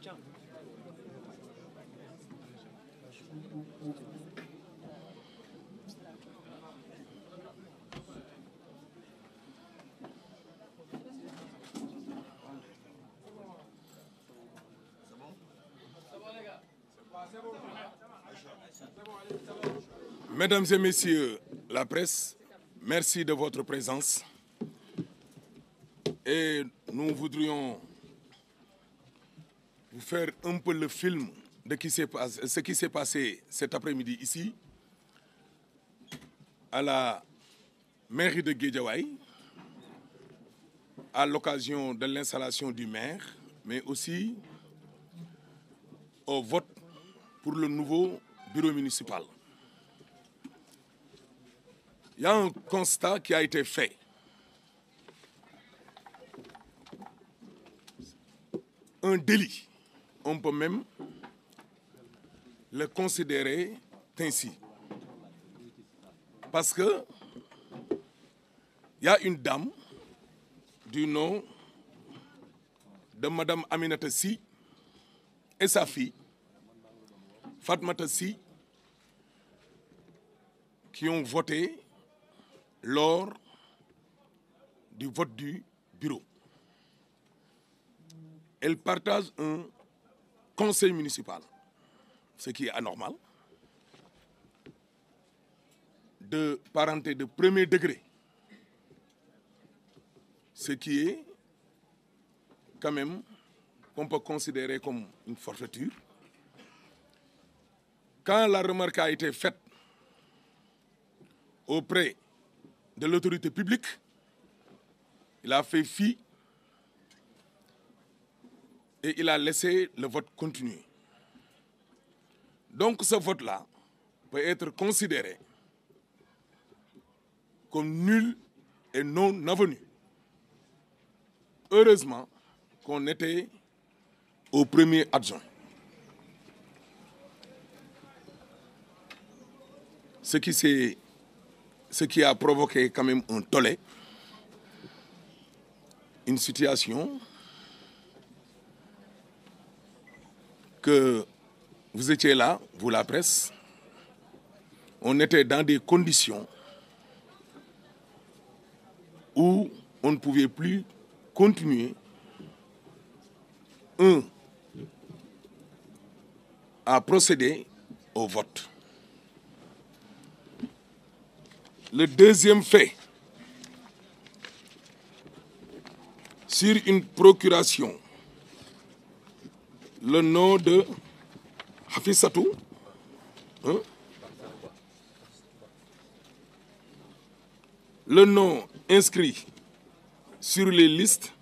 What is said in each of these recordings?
Tiens. Mesdames la presse, merci de votre présence. Et nous voudrions vous faire un peu le film de qui passé, ce qui s'est passé cet après-midi ici, à la mairie de Guédiawaï, à l'occasion de l'installation du maire, mais aussi au vote pour le nouveau bureau municipal. Il y a un constat qui a été fait. Un délit. On peut même le considérer ainsi. Parce que il une dame du nom de Madame Aminata et sa fille, Fatmata qui ont voté lors du vote du bureau. Elle partage un conseil municipal, ce qui est anormal, de parenté de premier degré, ce qui est quand même qu'on peut considérer comme une forfaiture. Quand la remarque a été faite auprès de l'autorité publique. Il a fait fi et il a laissé le vote continue Donc ce vote-là peut être considéré comme nul et non avenu. Heureusement qu'on était au premier adjoint. Ce qui s'est ce qui a provoqué quand même un tollé, une situation que vous étiez là, vous la presse, on était dans des conditions où on ne pouvait plus continuer, un, à procéder au vote. Le deuxième fait, sur une procuration, le nom de Hafiz Satou, le nom inscrit sur les listes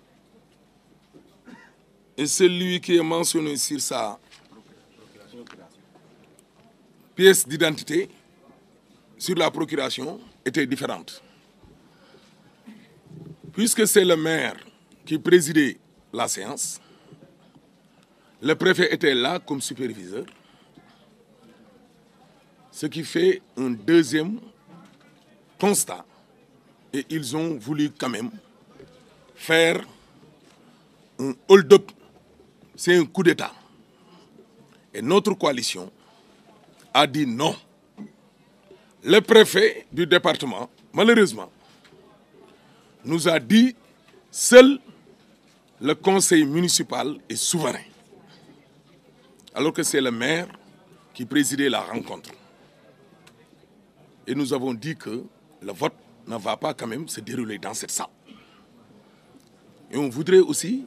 et celui qui est mentionné sur sa pièce d'identité, sur la procuration, était différente. Puisque c'est le maire qui présidait la séance, le préfet était là comme superviseur, ce qui fait un deuxième constat. Et ils ont voulu quand même faire un hold-up. C'est un coup d'État. Et notre coalition a dit non. le préfet du département, malheureusement, nous a dit seul le conseil municipal est souverain. Alors que c'est le maire qui présidait la rencontre. Et nous avons dit que le vote ne va pas quand même se dérouler dans cette salle. Et on voudrait aussi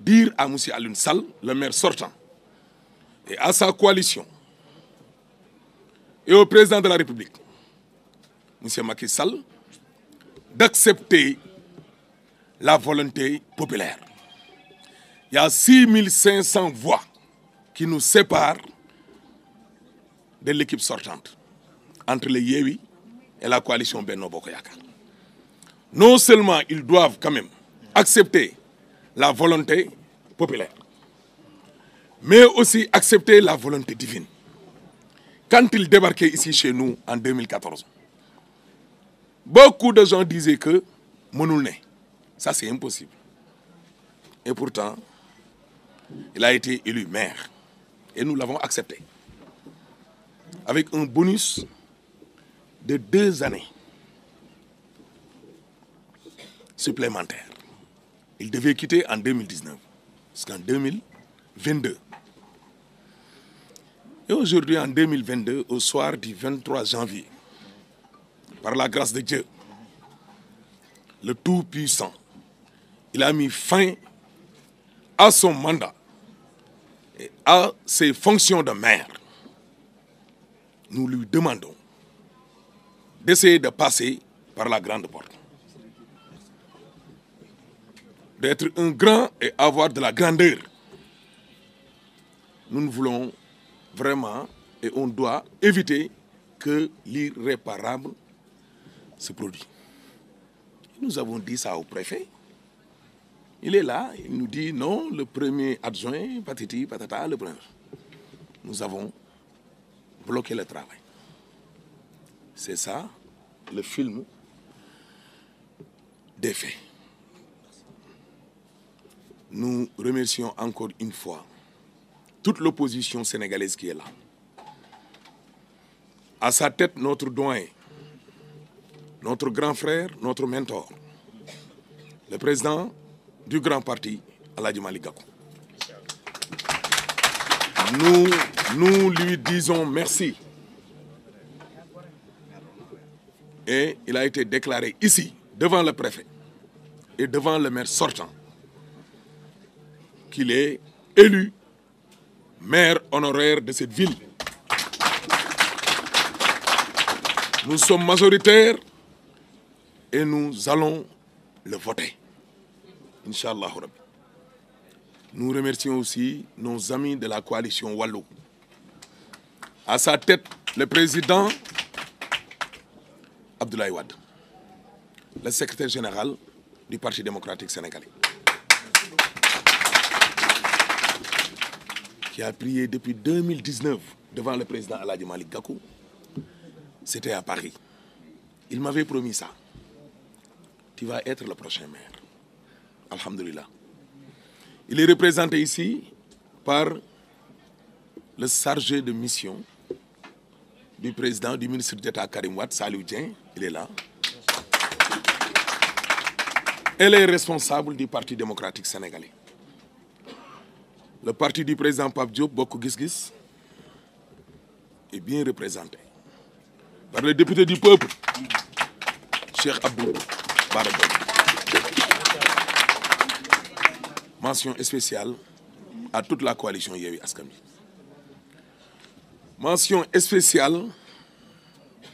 dire à M. Alun Sall, le maire sortant, et à sa coalition, et au président de la République, monsieur Macky Sall, d'accepter la volonté populaire. Il y a 6500 voix qui nous séparent de l'équipe sortante, entre les Yewi et la coalition Benno Bokoyaka. Non seulement ils doivent quand même accepter la volonté populaire, mais aussi accepter la volonté divine. Quand ils débarquaient ici chez nous en 2014, Beaucoup de gens disaient que mënul ne ça c'est impossible et pourtant il a été élu maire et nous l'avons accepté avec un bonus de deux années supplémentaires il devait quitter en 2019 jusqu'en 2022 et aujourd'hui en 2022 au soir du 23 janvier par la grâce de Dieu le Tout-Puissant il a mis fin à son mandat et à ses fonctions de maire nous lui demandons d'essayer de passer par la grande porte d'être un grand et avoir de la grandeur nous ne voulons vraiment et on doit éviter que l'irréparable ce produit. Nous avons dit ça au préfet. Il est là, il nous dit non, le premier adjoint, patiti, patata, le premier. Nous avons bloqué le travail. C'est ça, le film des faits. Nous remercions encore une fois toute l'opposition sénégalaise qui est là. À sa tête, notre doyen, notre grand frère notre mentor le président du grand parti Aladji Malick Gakou nous nous lui disons merci et il a été déclaré ici devant le préfet et devant le maire sortant qu'il est élu maire honoraire de cette ville nous sommes majoritaires et nous allons le voter incha allah rabbi nous remercions aussi nos amis de la coalition Wallu à sa tête le président Abdoulaye Wade le secrétaire général du Parti démocratique sénégalais qui a prié depuis 2019 devant le président Aladji Malick Gakou c'était à Paris il m'avait promis ça qui va être le prochain maire. Alhamdulillah. Il est représenté ici par le chargé de mission du président du ministre d'État Karim Wade, Salou Dieng, il est là. Elle est responsable du Parti démocratique sénégalais. Le parti du président Pape Diop, Bokk Gis Gis, est bien représenté par le député du peuple, Cheikh Abdou. Bara Dolly spéciale à toute la coalition Yewwi Askan Wi mention spéciale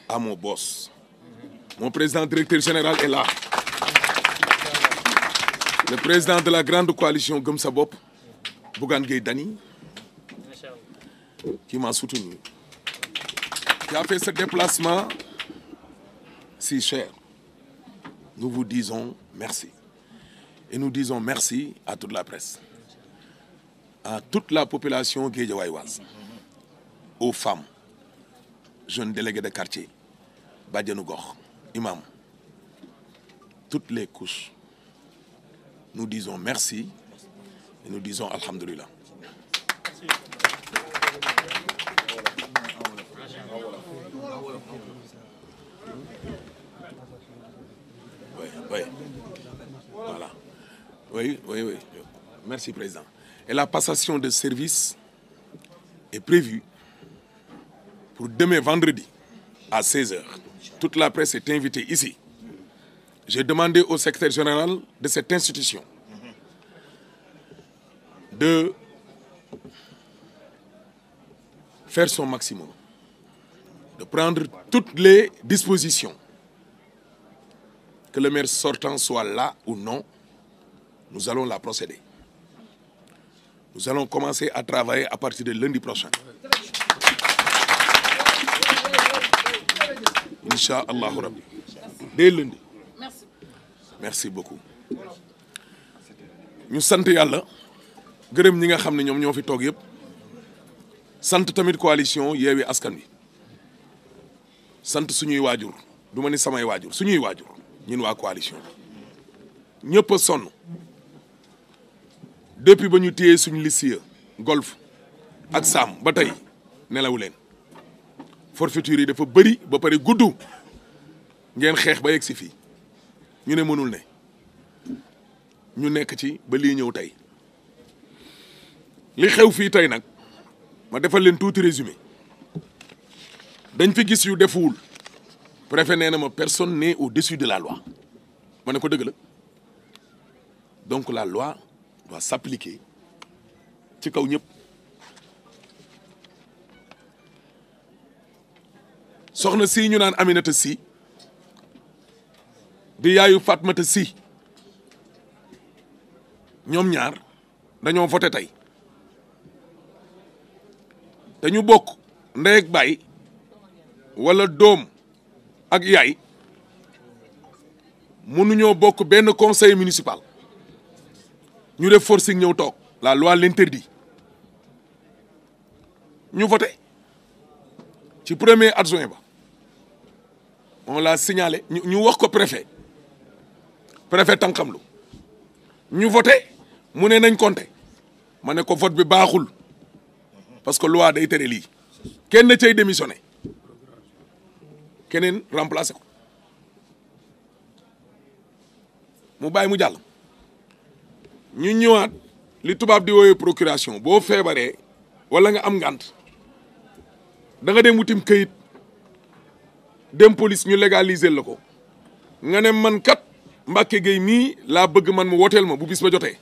à mon boss mon président directeur général est là le président de la grande coalition Gëm Sa Bopp Bougane Gueye Dany qui m'a soutenu qui a fait ce déplacement si cher nous vous disons merci. Et nous disons merci à toute la presse, à toute la population guédiawayoise, aux femmes, jeunes délégués de quartier, Badianou Gor, imam, toutes les couches. Nous disons merci et nous disons Alhamdulillah. oui, oui. Voilà. Merci, Président. Et la passation de service est prévue pour demain vendredi à 16 la presse est invitée ici. au secrétaire général de cette institution de faire son maximum, de les dispositions que le maire sortant soit là ou non, nous allons la procéder. Nous allons commencer à travailler à partir de lundi prochain. Incha allahu rabbi dès lundi. merci beaucoup ñu sant yàlla gërëm ñi nga xam ne ñoom ñoo fi toog yëpp sant tamit coalition Yewwi Askan Wi sant suñuy waajur du ma ni samay waajur suñuy waajur. ñun waa coalition bi ñëpp a sonn depuis ba ñu téyee suñu liste golf ak saam ba tey nelawu leen forfaiture yi dafa bëri ba pare gudd ngeen xeex ba yegg si fii ñu ne mënul ne ñu nekk ci ba lii ñëw tey li xew fii tey nag ma defal leen tuuti résumé dañ fi gis yu defuwul préfet nee na ma personne n'est au-dessus de la loi ma ko dëgg donc la loi doit s'appliquer ci kaw ñëpp soxna si ñu naan Aminata si di yaayu Fatmata si ñoom ñaar dañoo voté tey te bokk ndey baay wala doom ak yaay mënuñoo bokk benn conseil municipal ñu def forcing ñëw toog la loi l'interdit ñu vote ci premier adjoint ba on l'a signalé ñu wax ko préfet préfet tànqamlu ñu voté mu ne nañ compté ma ne ko vote bi baaxul parce que loi day tere lii kenn cay démissionné keneen remplacé ko mu bàyyi mu jàll ñu ñëwaat li tubaab di wooyee procuration boo feebaree wala nga am ngànt da nga dem wutim këyit dem police ñu légaliser la ko nga ne man kat Mbacke Gueye mii laa bëgg man mu woteel ma bu bis ba jotee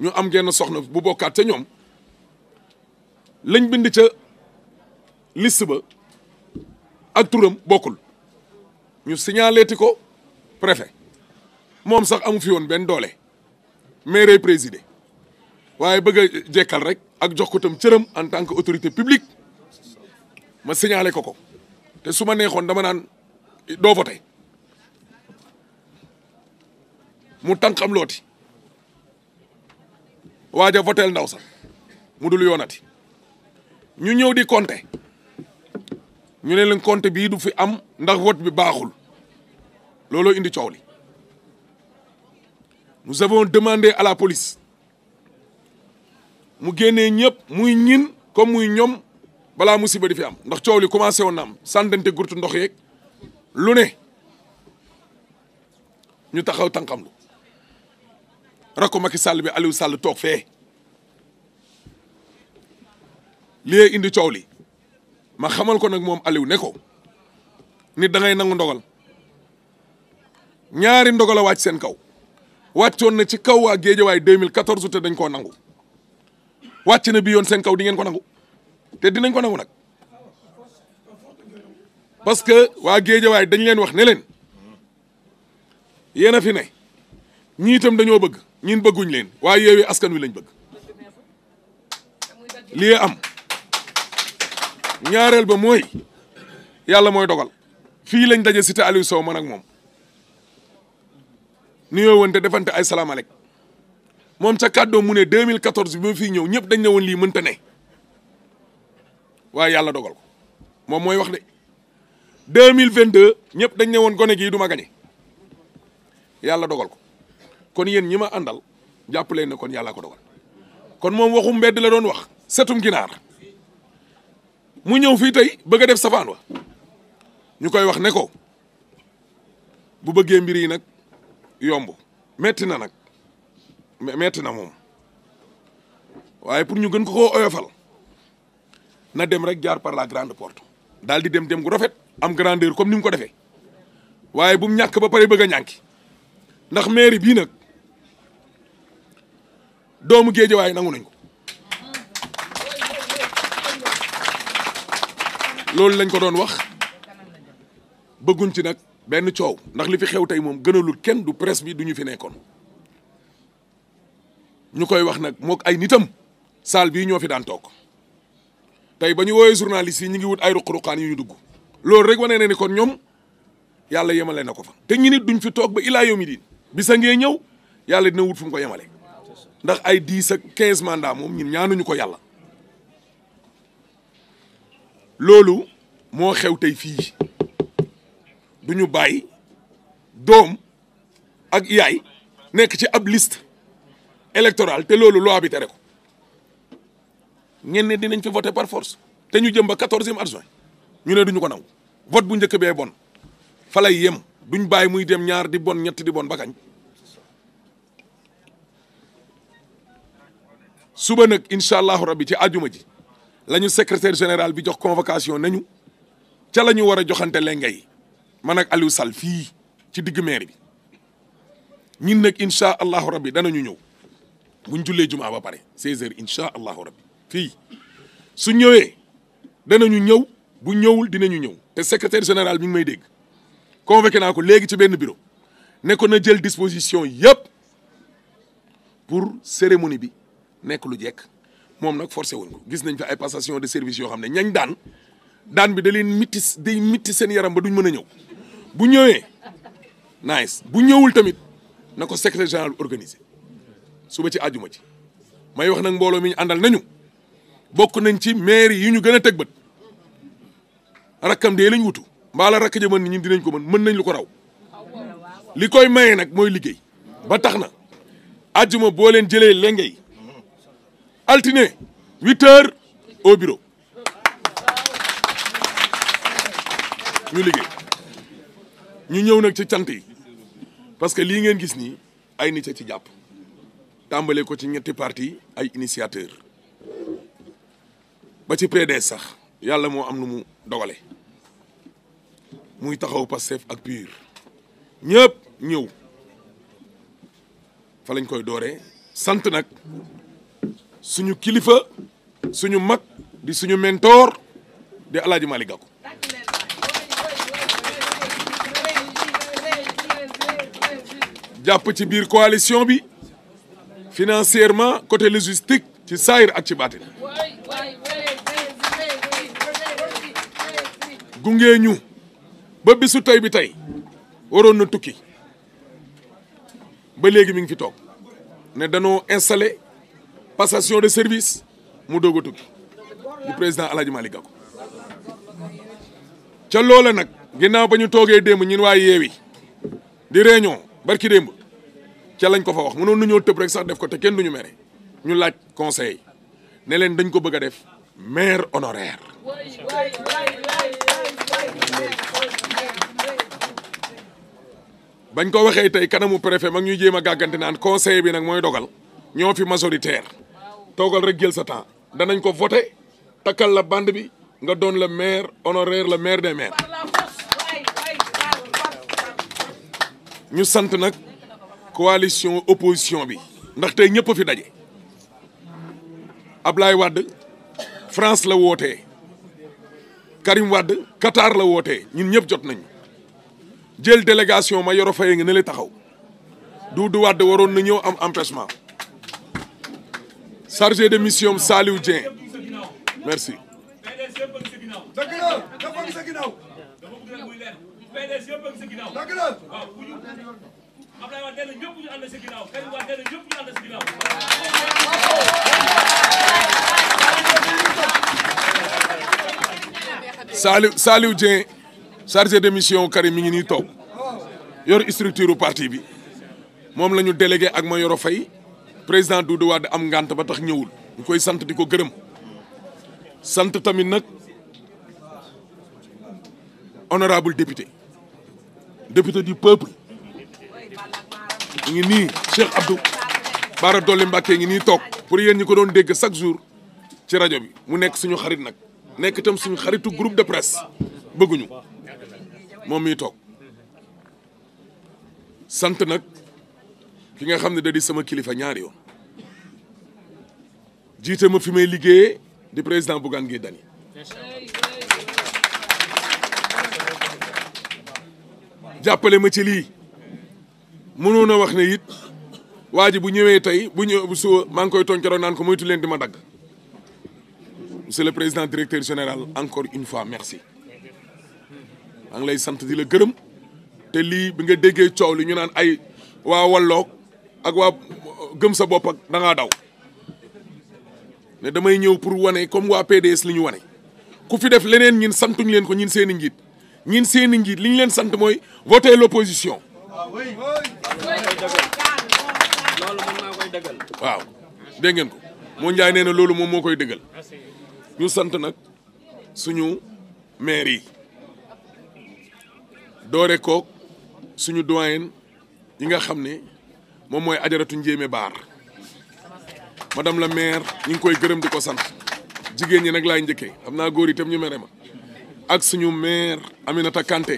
ñu am genn soxna bu bokkaat ca ñoom lañ bind ca list ba ak turam bokkul ñu signaleeti ko préfet moom sax amu fi woon benn doole maire présidé waaye bëgg a jekkal rek ak jox ko tam cëram en tant que autorité publique ma signalé ko ko te su ma neexoon dama naan doo voté mu tànqam looti waaja votel ndaw sax mu dul yoonati ñu ñëw di compter ñu ne leen compte bii du fi am ndax vote bi baaxul looloo indi coow li nous avons demandé à police mu génnee ñëpp muy ñiin comme muy ñoom balaa musiba di fi am ndax coow li commencé woon am sàndante gurtu ndox yeeg lu ne ñu taxaw tànkam lu rakko Macky Sall bi Aliou Sall toog fee liee indi coow li ma xamal ko nag moom Aliou ne ko nit da ngay nangu ndogal ñaari ndogal a wàcc seen kaw wàccoon na ci kaw waa Géejawaay 2014 te dañ koo nangu wàcc na bi yoon seen kaw di ngeen ko nangu te dinañ ko nangu nag parce que waa Géejawaay dañ leen wax ne leen yéen a fi ne itam dañoo bëgg ñin bëgguñ leen waaye yeewee askan wi lañ bëgg lii am. ñaareel ba mooy yàlla mooy dogal fii lañ daje cité Aliou Sow man ak moom nuyoo woon te defante ay salaamaaleykum moom ca kàddoo mu ne 2014 bi ma fii ñëw ñëpp dañ ne woon lii mënta ne waaye yàlla dogal ko moom mooy wax de 2022 ñëpp dañ ne woon gone gii duma ma gañe yàlla dogal ko kon yéen ñi ma àndal jàpp leen ne kon yàllaa ko dogal kon moom waxum mbedd la doon wax setum ginaar mu ñëw fii tey bëgg a def safaan wa ñu koy wax ne ko bu bëggee mbir yi nag yomb metti na nag metti na moom waaye pour ñu gën ko koo oyofal na dem rek jaar par la grande porte daal di dem dem gu rafet am grandeur comme ni mu ko defee waaye bu mu ñàkk ba pare bëgg a ndax mairie bii nag doomu géejawaay nangu nañ ko loolu lañ ko doon wax bëgguñ ci nag benn coow ndax li fi xew tey moom gënalul kenn du presse bi du ñu fi nekkoon ñu koy wax nag mook ay nitam salle bii ñoo fi daan toog tey ba ñu woowee journaliste yi ñu ngi wut ay ruq-ruqaan yu ñu dugg loolu rek wane na ni kon ñoom yàlla yemale na ko fa te ñu nit duñ fi toog ba ilaa yow mi diin bisa ngee ñëw yàlla dina wut fu ko yemale ndax ay dix ak quinze mandat moom ñun ñaanuñu ko yàlla loolu moo xew tey fii du ñu bàyyi doom ak yaay nekk ci ab liste électorale te loolu loi bi tere ko ñenn dinañ fi voter par force te ñu jëm ba quatorzième adjoint ñu ne duñu ko nangu vote bu njëkk bee bon fa lay yem duñ bàyyi muy dem ñaar di bon ñett di bon ba suba nag incha allahu rabbi ci àjuma ji la ñu secrétaire général bi jox convocation nañu ca la ñu war a joxante lengay man ak Aliou Sall fii ci digg maire bi ñun nag incha allahu rabbi ñu ñëw buñ jullee jumaa ba pare 16h incha allahu rabbi fii su ñëwee danañu ñëw bu ñëwul dinañu ñëw te secretaire général mi ngi may dégg convoqué naa ko léegi ci benn bureau ne na jël disposition yëpp pour cérémonie bi nekk lu jekk moom nag forcé wuñ ko gis nañ fi ay passation de service yoo xam ne ñañ daan daan bi da leen mitis day mitti seen yaram ba duñ mën a ñëw bu ñëwee nice bu ñëwul tamit na ko secrétaire général organisé suba ci àjjuma ci may wax nag mbooloo mi ñu àndal nañu bokk nañ ci maire yi ñu gën a teg bët rakkam dee lañ wutu mbaala rakk ja mën ni dinañ ko mën mën nañ lu ko raw li koy mayee nag mooy liggéey ba tax na àjjuma boo leen jëlee lenge altine huit heures au bureau ñu liggéey ñu ñëw nag ci cant yi parce que lii ngeen gis nii ay nit a ci jàpp tàmbale ko ci ñetti parti ay initiateur ba ci PDS sax yàlla moo am nu mu dogale muy taxaw Pastef ak PUR ñëpp ñëw fa koy dooree sant nag suñu kilifa suñu mag di suñu mentor di El Hadj jàpp ci biir coalition bi financièrement côté logistique ci saayir ak ci baatin gungee ñu ba bisu tey bi tey waroon na tukki ba léegi mi ngi fi toog ne danoo installé passation de service mu doog a tukki di président El Hadj Malick ca loola nag ginnaaw ba ñu toogee démb ñun waa yeewi di réunion barki démb ca lañ ko fa wax mënoon nañoo tëb rek sax def ko te kenn ñu mere ñu laaj conseil ne leen dañ ko bëgg a def maire honoraire bañ ko waxee tey kanamu préfet mag ñuy jéem a gàggante naan conseil bi nag mooy dogal ñoo fi majoritaire toogal rek jël sa temps danañ ko voté takkal la bande bi nga doon le maire honoraire le maire des maire ñu sant nag coalition opposition bi ndaxte tey ñëpp a fi daje Ablaye wàdd France la wootee Karim wàdd Qatar la wootee ñun ñëpp jot nañu jël délégation ma yoro nga ne taxaw Doudou wàdd waroon na ñëw am empêchement chargé de mission Saliou Dieng merci. Saliou Saliou Dieng de mission Karim mi ngi nii toog yor structure parti bi moom lañu ñu ak ak yor Faye président Doudou Wade am ngànt ba tax ñëwul ñu koy sant di ko gërëm sant tamit nag honorable député député du peuple ngi nii Cheikh Abdou Bara Dolly Mbacké ngi nii toog pour yéen ñi ko doon dégg chaque jour ci rajo bi mu nekk suñu xarit nag nekk itam suñu xaritu groupe de presse bëgguñu moom mii toog sant nag ki nga xam ne da di sama kilifa ñaari yoon jiite ma fi may liggéeye di président Bougane Gueye Dany jàppale ma ci lii mënoon a wax ne it waa ji bu ñëwee tey bu ñëw bu suba maa ngi koy tonkeroon naan ko moytu leen di ma dagg monsieur le président directeur général encore une fois merci maa ngi lay sant di la gërëm te lii bi nga déggee coow li ñu naan ay waa walloog ak waa gëm sa boppa ak da ngaa daw ne damay ñëw pour wane comme waa PDS li ñu wane ku fi def leneen ñin santuñ leen ko ñin seen i njiit ñin seen i njiit li ñu leen sant mooy voter l'opposition waaw dégg ngeen ko moo njaay nee na loolu moom moo koy dëggal ñu sant nag suñu maire yi doore koog suñu doyen yi nga xam ne moom mooy ajaratu njéeme baar madame la maire ñu ngi koy gërëm di ko sant jigéen ñi nag laay njëkkee xam naa góor itam ñu mere ma ak suñu maire Aminata Kanté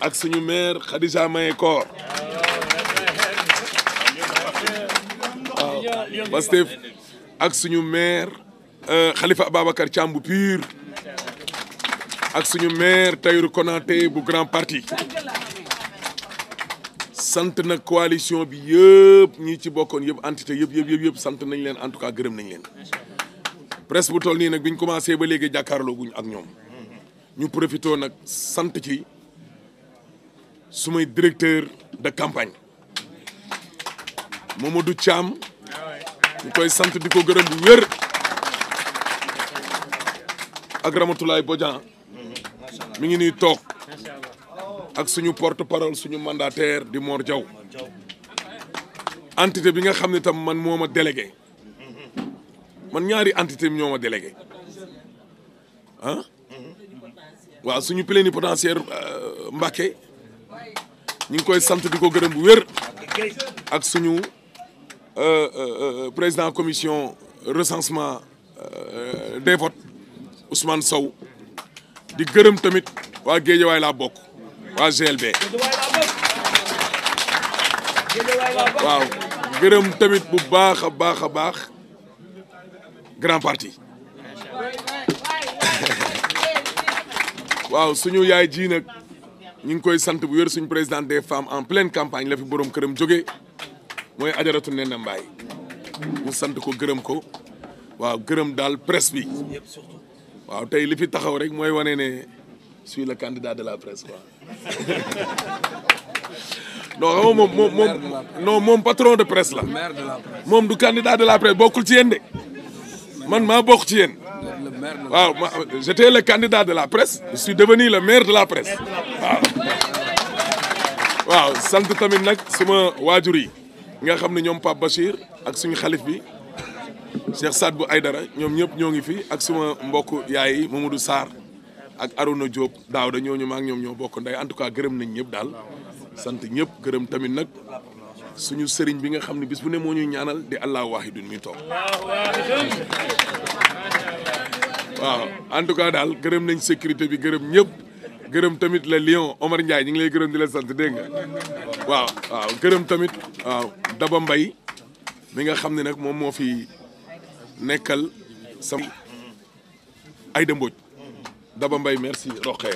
ak suñu maire Khadija Maye Koor waaw Pastef ak suñu maire euh, Khalifa Ababacar Thiam bu PUR ak suñu maire Tahirou Konaté bu Grand Parti sant na coalition bi yëpp ñi ci bokkoon yëpp entité yëpp yëpp yëpp sant nañ leen en tout cas gërëm nañ leen presse bu toll nii nag bi ñu commencé ba léegi jàkkaarloo guñ ak ñoom ñu profité nag sant ci sumay directeur de campagne Mamadou Thiam ñu koy sant di ko gërëm bu wér ak Ramatoulaye Bodian mi ngi nii toog ak suñu porte parole suñu mandataire di Mor jaw entité bi nga xam ne tam man moo ma délégué man ñaari entité bi ñoo ma délégué waaw suñu plénipotentiaire euh, Mbacké ñu ngi koy sant di ko gërëm bu wér ak suñu euh, euh, président commission recensement des votes Ousmane Sow di gërëm tamit waa géej Guédiawaye la bokk waa GLB waaw gërëm tamit bu baax a baax a baax grand parti waaw suñu yaay ji nag ñu ngi koy sant bu wér suñu présidente des femmes en pleine campagne la fi borom këram jógee mooy ajaratu nen na mbaay sant ko gërëm ko waaw gërëm daal presse bi waaw tey li fi taxaw rek mooy wane ne suis le candidat de la presse quoi non xam moom moom moom non moom patron de presse la moom du candidat de la presse bokkul ci yéen de man maa bokk ci yéen waaw ma j'étais le candidat de la presse je suis devenu le maire de la presse waaw waaw tamit nag suma waajur yi nga xam ne ñoom Pape Bachir ak suñu xalif bi Cheikh Sadbou Aïdara ñoom ñëpp ñoo ngi fi ak suma mbokk yaay Mamadou Sarr ak Arouna Diop daaw da ñooñu ma ak ñoom ñoo bokk nday en tout gërëm nañ ñëpp daal sant ñëpp gërëm tamit nag suñu sëriñ bi nga xam ne bis bu ne moo ñuy ñaanal di allah wahidun mi toog waaw en tout cas daal gërëm nañ sécurité bi gërëm ñëpp gërëm tamit la lion Omar Ndiaye ñu ngi lay gërëm di la sant dégg nga waaw gërëm tamit waaw Daba mbay mi nga xam ne nag moom moo fi nekkal sama Aïda Mbodj Daba Mbaye merci Roqe